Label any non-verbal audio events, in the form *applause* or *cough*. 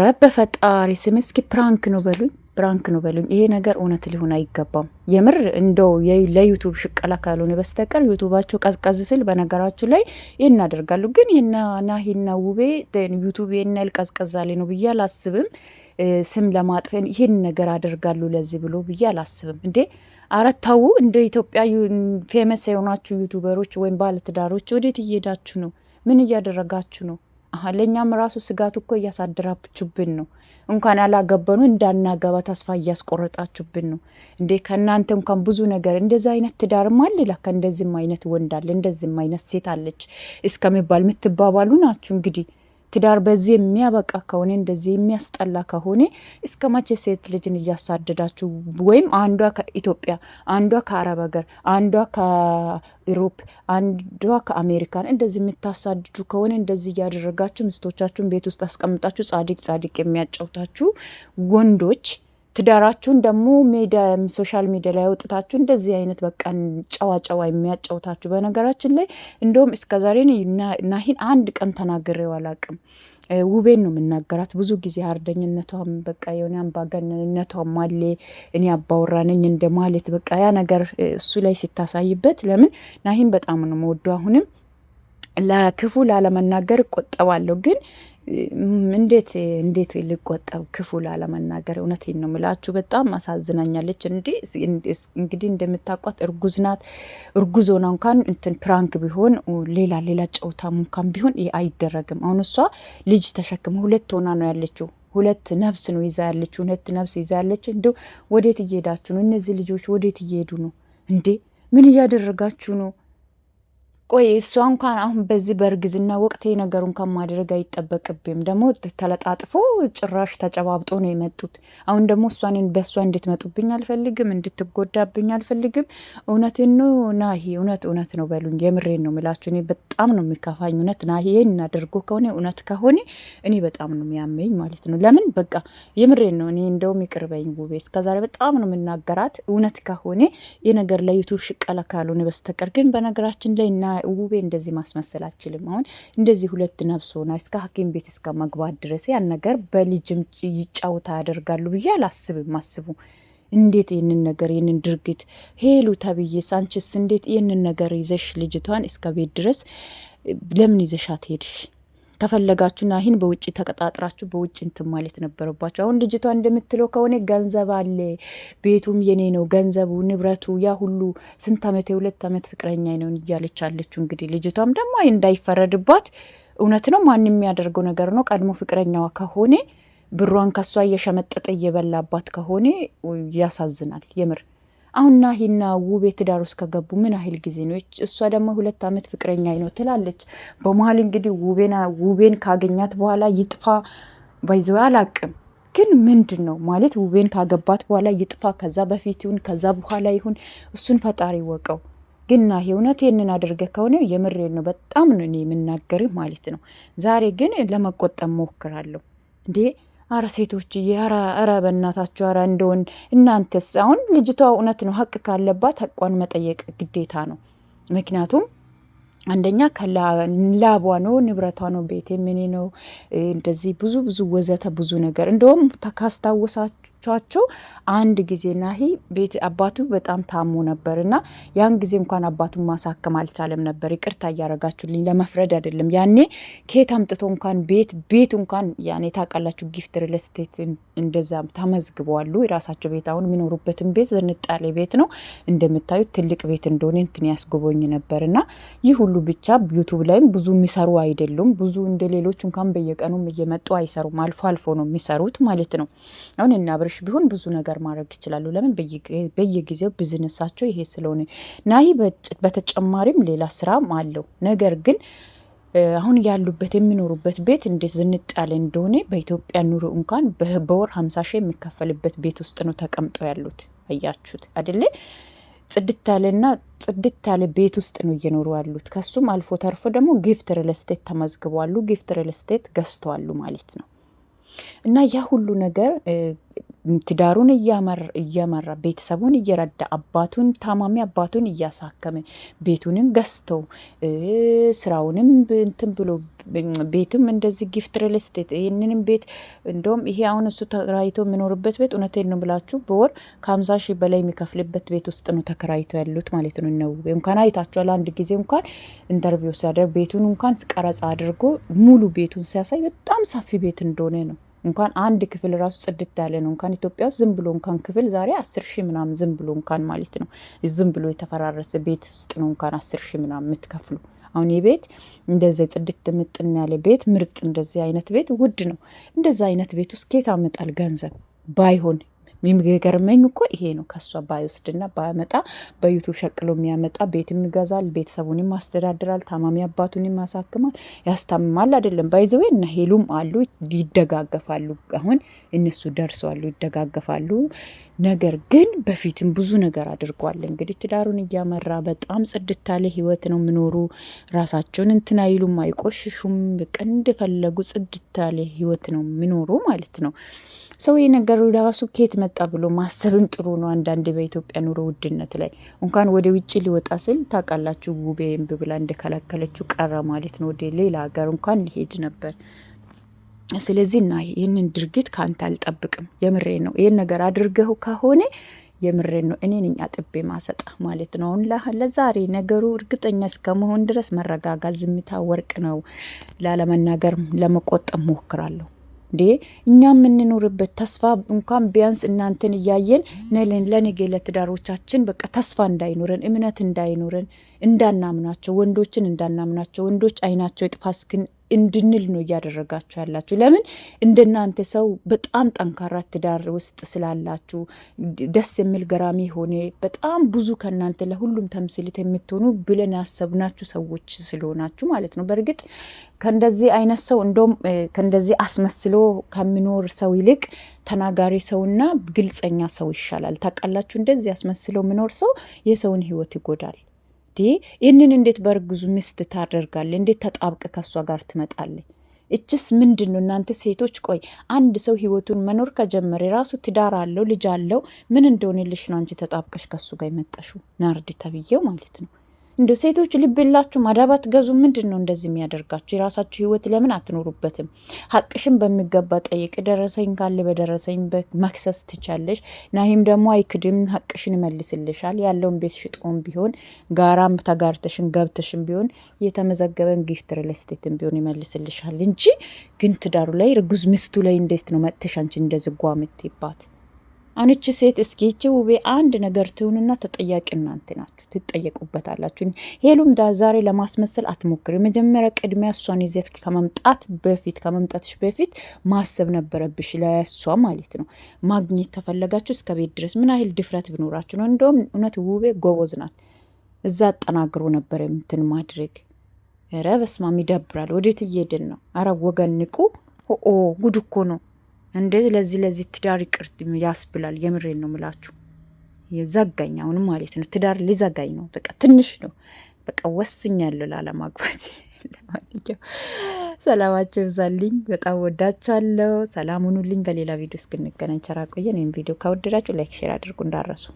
ኧረ በፈጣሪ ስም እስኪ ፕራንክ ነው በሉኝ፣ ፕራንክ ነው በሉኝ። ይሄ ነገር እውነት ሊሆን አይገባም። የምር እንደው ለዩቱብ ሽቀላ ካልሆነ በስተቀር ዩቱባቸው ቀዝቀዝ ስል በነገራችሁ ላይ ይህን ያደርጋሉ። ግን ናሂና ውቤ ዩቱብ ይህን ቀዝቀዛሌ ነው ብዬ አላስብም። ስም ለማጥፈን ይህን ነገር አደርጋሉ ለዚህ ብሎ ብዬ አላስብም። እንዴ ኧረ እንደ ኢትዮጵያ ፌመስ የሆናችሁ ዩቱበሮች ወይም ባለትዳሮች ወዴት እየሄዳችሁ ነው? ምን እያደረጋችሁ ነው? ለእኛም ራሱ ስጋት እኮ እያሳደራችሁብን ነው። እንኳን ያላገበኑ እንዳናገባ ተስፋ እያስቆረጣችሁብን ነው እንዴ! ከእናንተ እንኳን ብዙ ነገር እንደዚ አይነት ትዳርም አለ ለካ፣ እንደዚህም አይነት ወንድ አለ፣ እንደዚህም አይነት ሴት አለች እስከሚባል የምትባባሉ ናችሁ እንግዲህ ትዳር በዚህ የሚያበቃ ከሆነ እንደዚህ የሚያስጠላ ከሆነ እስከ መቼ ሴት ልጅን እያሳደዳችሁ ወይም አንዷ ከኢትዮጵያ አንዷ ከአረብ ሀገር አንዷ ከኢሮፕ አንዷ ከአሜሪካን እንደዚህ የምታሳድዱ ከሆነ እንደዚህ እያደረጋችሁ ሚስቶቻችሁን ቤት ውስጥ አስቀምጣችሁ ጻድቅ ጻድቅ የሚያጫውታችሁ ወንዶች ትዳራችሁን ደግሞ ሜዲያ ሶሻል ሚዲያ ላይ አውጥታችሁ እንደዚህ አይነት በቃ ጨዋ ጨዋ የሚያጫውታችሁ። በነገራችን ላይ እንደውም እስከ እስከዛሬ ናሂን አንድ ቀን ተናግሬው አላውቅም። ውቤን ነው የምናገራት ብዙ ጊዜ አርደኝነቷም በቃ የሆነ አምባገነንነቷም ማሌ እኔ አባወራ ነኝ እንደ ማለት በቃ ያ ነገር እሱ ላይ ሲታሳይበት ለምን ናሂን በጣም ነው መወዱ አሁንም ለክፉ ላለመናገር እቆጠባለሁ ግን እንዴት እንዴት ልቆጠብ ክፉ ላለመናገር። እውነት ነው ምላችሁ፣ በጣም አሳዝናኛለች። እንግዲህ እንደምታውቋት እርጉዝ ናት። እርጉዝ ሆና እንኳን እንትን ፕራንክ ቢሆን ሌላ ሌላ ጨዋታም እንኳን ቢሆን አይደረግም። አሁን እሷ ልጅ ተሸክመ ሁለት ሆና ነው ያለችው። ሁለት ነፍስ ነው ይዛ ያለችው። ሁለት ነፍስ ይዛ ያለች እንዲ ወዴት እየሄዳችሁ ነው? እነዚህ ልጆች ወዴት እየሄዱ ነው እንዴ? ምን እያደረጋችሁ ነው? ቆይ እሷ እንኳን አሁን በዚህ በእርግዝና ወቅት ነገሩን ከማድረግ አይጠበቅብም። ደግሞ ተለጣጥፎ ጭራሽ ተጨባብጦ ነው የመጡት። አሁን ደግሞ እሷን በእሷ እንድትመጡብኝ አልፈልግም፣ እንድትጎዳብኝ አልፈልግም። እውነትን ነው ናሂ፣ እውነት እውነት ነው በሉኝ። የምሬን ነው ምላችሁ። እኔ በጣም ነው የሚካፋኝ እውነት ናሂ፣ ይህን አድርጎ ከሆነ እውነት ከሆነ እኔ በጣም ነው የሚያመኝ ማለት ነው። ለምን በቃ የምሬን ነው። እኔ እንደውም ይቅርበኝ ውቤ፣ እስከዛሬ በጣም ነው የምናገራት። እውነት ከሆነ የነገር ለዩቱብ ሽቀላ ካልሆነ በስተቀር ግን በነገራችን ላይ እና ውቤ እንደዚህ ማስመሰል አችልም። አሁን እንደዚህ ሁለት ነፍስ ሆና እስከ ሐኪም ቤት እስከ መግባት ድረስ ያን ነገር በልጅም ይጫውታ ያደርጋሉ ብዬ አላስብም። አስቡ እንዴት ይህንን ነገር ይህንን ድርጊት ሄሉ ተብዬ ሳንችስ እንዴት ይህንን ነገር ይዘሽ ልጅቷን እስከ ቤት ድረስ ለምን ይዘሻት ሄድሽ? ከፈለጋችሁና ይህን በውጭ ተቀጣጥራችሁ በውጭ እንትን ማለት ነበረባችሁ። አሁን ልጅቷ እንደምትለው ከሆነ ገንዘብ አለ፣ ቤቱም የኔ ነው፣ ገንዘቡ ንብረቱ፣ ያ ሁሉ ስንት ዓመት የሁለት ዓመት ፍቅረኛ ነው እያለች አለችው። እንግዲህ ልጅቷም ደግሞ እንዳይፈረድባት እውነት ነው፣ ማንም የሚያደርገው ነገር ነው። ቀድሞ ፍቅረኛዋ ከሆነ ብሯን ከሷ እየሸመጠጠ እየበላባት ከሆነ ያሳዝናል የምር አሁን ናሂና ውብ የትዳር ውስጥ ከገቡ ምን ያህል ጊዜ ነው? እሷ ደግሞ ሁለት ዓመት ፍቅረኛ ነው ትላለች። በመሀል እንግዲህ ውቤን ካገኛት በኋላ ይጥፋ ባይዞ አላቅም ግን ምንድን ነው ማለት ውቤን ካገባት በኋላ ይጥፋ፣ ከዛ በፊት ይሁን ከዛ በኋላ ይሁን እሱን ፈጣሪ ወቀው። ግን ናሂ እውነት ይህንን አድርገ ከሆነ የምሬን ነው፣ በጣም ነው እኔ የምናገር ማለት ነው። ዛሬ ግን ለመቆጠብ ሞክራለሁ እንዴ አረ ሴቶችዬ፣ አረ በእናታችሁ፣ አረ እንደሆን እናንተስ። አሁን ልጅቷ እውነት ነው ሀቅ ካለባት ሀቋን መጠየቅ ግዴታ ነው። ምክንያቱም አንደኛ ከላቧ ነው ንብረቷ ነው ቤቴ ምኔ ነው እንደዚህ ብዙ ብዙ ወዘተ ብዙ ነገር እንደውም ካስታወሳችሁ ካስታወሳችኋቸው አንድ ጊዜ ናሂ ቤት አባቱ በጣም ታሞ ነበር እና ያን ጊዜ እንኳን አባቱን ማሳከም አልቻለም ነበር። ይቅርታ እያረጋችሁልኝ ለመፍረድ አይደለም። ያኔ ከየት አምጥቶ እንኳን ቤት ቤቱ እንኳን ያኔ ታውቃላችሁ፣ ጊፍት ሪል ስቴት እንደዛ ተመዝግበዋሉ። የራሳቸው ቤት አሁን የሚኖሩበትን ቤት ዝንጣሌ ቤት ነው እንደምታዩት፣ ትልቅ ቤት እንደሆነ እንትን ያስጎበኝ ነበር እና ይህ ሁሉ ብቻ ዩቱብ ላይም ብዙ የሚሰሩ አይደሉም። ብዙ እንደ ሌሎች እንኳን በየቀኑም እየመጡ አይሰሩም። አልፎ አልፎ ነው የሚሰሩት ማለት ነው። አሁን እና ትንሽ ቢሆን ብዙ ነገር ማድረግ ይችላሉ። ለምን በየጊዜው ብዝነሳቸው ይሄ ስለሆነ ናሂ በተጨማሪም ሌላ ስራም አለው። ነገር ግን አሁን ያሉበት የሚኖሩበት ቤት እንዴት ዝንጥ ያለ እንደሆነ በኢትዮጵያ ኑሮ እንኳን በወር ሀምሳ ሺህ የሚከፈልበት ቤት ውስጥ ነው ተቀምጠው ያሉት። አያችሁት አደለ? ጽድት ያለና ጽድት ያለ ቤት ውስጥ ነው እየኖሩ ያሉት። ከሱም አልፎ ተርፎ ደግሞ ጊፍት ሪል ስቴት ተመዝግቧሉ። ጊፍት ሪል ስቴት ገዝተዋሉ ማለት ነው። እና ያ ሁሉ ነገር ትዳሩን እየመራ ቤተሰቡን እየረዳ አባቱን ታማሚ አባቱን እያሳከመ ቤቱንም ገዝተው ስራውንም እንትን ብሎ ቤትም እንደዚህ ጊፍት ሪል ስቴት ይህንንም ቤት እንደውም ይሄ አሁን እሱ ተከራይቶ የሚኖርበት ቤት እውነቴን ነው ብላችሁ በወር ከሀምሳ ሺህ በላይ የሚከፍልበት ቤት ውስጥ ነው ተከራይቶ ያሉት ማለት ነው። ነው እንኳን አይታችኋል። አንድ ጊዜ እንኳን ኢንተርቪው ሲያደርግ ቤቱን እንኳን ቀረጻ አድርጎ ሙሉ ቤቱን ሲያሳይ በጣም ሰፊ ቤት እንደሆነ ነው እንኳን አንድ ክፍል ራሱ ጽድት ያለ ነው። እንኳን ኢትዮጵያ ውስጥ ዝም ብሎ እንኳን ክፍል ዛሬ አስር ሺህ ምናምን ዝም ብሎ እንኳን ማለት ነው ዝም ብሎ የተፈራረሰ ቤት ውስጥ ነው እንኳን አስር ሺህ ምናምን የምትከፍሉ። አሁን ይህ ቤት እንደዚህ ጽድት ምጥን ያለ ቤት ምርጥ እንደዚህ አይነት ቤት ውድ ነው። እንደዚህ አይነት ቤት ውስጥ ኬት ያመጣል ገንዘብ ባይሆን የሚገርመኝ እኮ ይሄ ነው። ከእሷ ባይወስድና ባያመጣ በዩቱብ ሸቅሎ የሚያመጣ ቤትም ይገዛል፣ ቤተሰቡን ያስተዳድራል፣ ታማሚ አባቱን ያሳክማል፣ ያስታምማል። አይደለም ባይዘዌ እና ሄሉም አሉ ይደጋገፋሉ። አሁን እነሱ ደርሰዋሉ፣ ይደጋገፋሉ። ነገር ግን በፊትም ብዙ ነገር አድርጓል። እንግዲህ ትዳሩን እያመራ በጣም ጽድት ያለ ህይወት ነው ምኖሩ። ራሳቸውን እንትን አይሉም፣ አይቆሽሹም። በቃ እንደፈለጉ ጽድት ያለ ህይወት ነው ምኖሩ ማለት ነው። ሰው ይሄ ራሱ ኬት መጣ ብሎ ማሰብም ጥሩ ነው። አንዳንድ በኢትዮጵያ ኑሮ ውድነት ላይ እንኳን ወደ ውጭ ሊወጣ ስል ታውቃላችሁ፣ ውቤ እምቢ ብላ እንደከለከለችው ቀረ ማለት ነው። ወደ ሌላ ሀገር እንኳን ሊሄድ ነበር። ስለዚህ እና ይህንን ድርጊት ከአንተ አልጠብቅም። የምሬ ነው። ይህን ነገር አድርገው ከሆነ የምሬ ነው። እኔ ነኝ አጥቤ ማሰጣ ማለት ነው። አሁን ለዛሬ ነገሩ እርግጠኛ እስከመሆን ድረስ መረጋጋት፣ ዝምታ ወርቅ ነው። ላለመናገር ለመቆጠብ ሞክራለሁ። እንዴ እኛ የምንኖርበት ተስፋ እንኳን ቢያንስ እናንተን እያየን ለነገ ለትዳሮቻችን በቃ ተስፋ እንዳይኖረን እምነት እንዳይኖረን እንዳናምናቸው ወንዶችን እንዳናምናቸው ወንዶች አይናቸው ይጥፋ እስክን እንድንል ነው እያደረጋችሁ ያላችሁ። ለምን እንደናንተ ሰው በጣም ጠንካራ ትዳር ውስጥ ስላላችሁ ደስ የሚል ገራሚ ሆኔ በጣም ብዙ ከእናንተ ለሁሉም ተምሳሌት የምትሆኑ ብለን ያሰብናችሁ ሰዎች ስለሆናችሁ ማለት ነው። በእርግጥ ከእንደዚህ አይነት ሰው እንደውም ከእንደዚህ አስመስሎ ከሚኖር ሰው ይልቅ ተናጋሪ ሰውና ግልጸኛ ሰው ይሻላል። ታውቃላችሁ፣ እንደዚህ አስመስሎ የሚኖር ሰው የሰውን ህይወት ይጎዳል። እንዴ ይህንን እንዴት በእርግዙ ሚስት ታደርጋለ? እንዴት ተጣብቀ ከእሷ ጋር ትመጣለ? እችስ ምንድን ነው እናንተ ሴቶች? ቆይ አንድ ሰው ህይወቱን መኖር ከጀመረ የራሱ ትዳር አለው ልጅ አለው ምን እንደሆነ ልሽ ነው አንቺ ተጣብቀሽ ከሱ ጋር የመጠሹ? ናርድ ተብዬው ማለት ነው። እንደ ሴቶች ልብ የላችሁ ማዳባት ገዙ። ምንድን ነው እንደዚህ የሚያደርጋችሁ? የራሳችሁ ህይወት ለምን አትኖሩበትም? ሀቅሽን በሚገባ ጠይቅ። ደረሰኝ ካለ በደረሰኝ መክሰስ ትቻለሽ። ናሂም ደግሞ አይክድም፣ ሀቅሽን ይመልስልሻል። ያለውን ቤት ሽጦም ቢሆን ጋራም ተጋርተሽን ገብተሽን ቢሆን የተመዘገበን ጊፍት ሪልስቴትን ቢሆን ይመልስልሻል እንጂ ግን ትዳሩ ላይ ርጉዝ ሚስቱ ላይ እንዴት ነው መጥተሽ አንቺ እንደዚህ ጓ ምትይባት? አሁን እቺ ሴት እስኪ ይቺ ውቤ አንድ ነገር ትሁንና ተጠያቂ እናንተ ናችሁ፣ ትጠየቁበታላችሁ። ሄሉም ዳ ዛሬ ለማስመሰል አትሞክሪ። መጀመሪያ ቅድሚያ እሷን ይዘት ከመምጣት በፊት ከመምጣትሽ በፊት ማሰብ ነበረብሽ፣ ለእሷ ማለት ነው። ማግኘት ከፈለጋችሁ እስከ ቤት ድረስ ምን ያህል ድፍረት ቢኖራችሁ ነው? እንደውም እውነት ውቤ ጎበዝ ናት። እዛ አጠናግሮ ነበር የምትን ማድረግ። ኧረ በስማም ይደብራል። ወዴት እየሄድን ነው? አረ ወገን ንቁ። ኦ ጉድ እኮ ነው። እንዴት ለዚህ ለዚህ ትዳር ይቅር ያስብላል። የምሬን ነው ምላችሁ የዘጋኝ አሁንም ማለት ነው ትዳር ሊዘጋኝ ነው። በቃ ትንሽ ነው በቃ ወስኛለሁ ላለማግባት። *laughs* ለማንኛውም ሰላማቸው ይብዛልኝ። በጣም ወዳችኋለሁ። ሰላም ሁኑልኝ። በሌላ ቪዲዮ እስክንገናኝ ቸር ቆየን። ይህን ቪዲዮ ከወደዳችሁ ላይክ፣ ሼር አድርጉ እንዳረሱ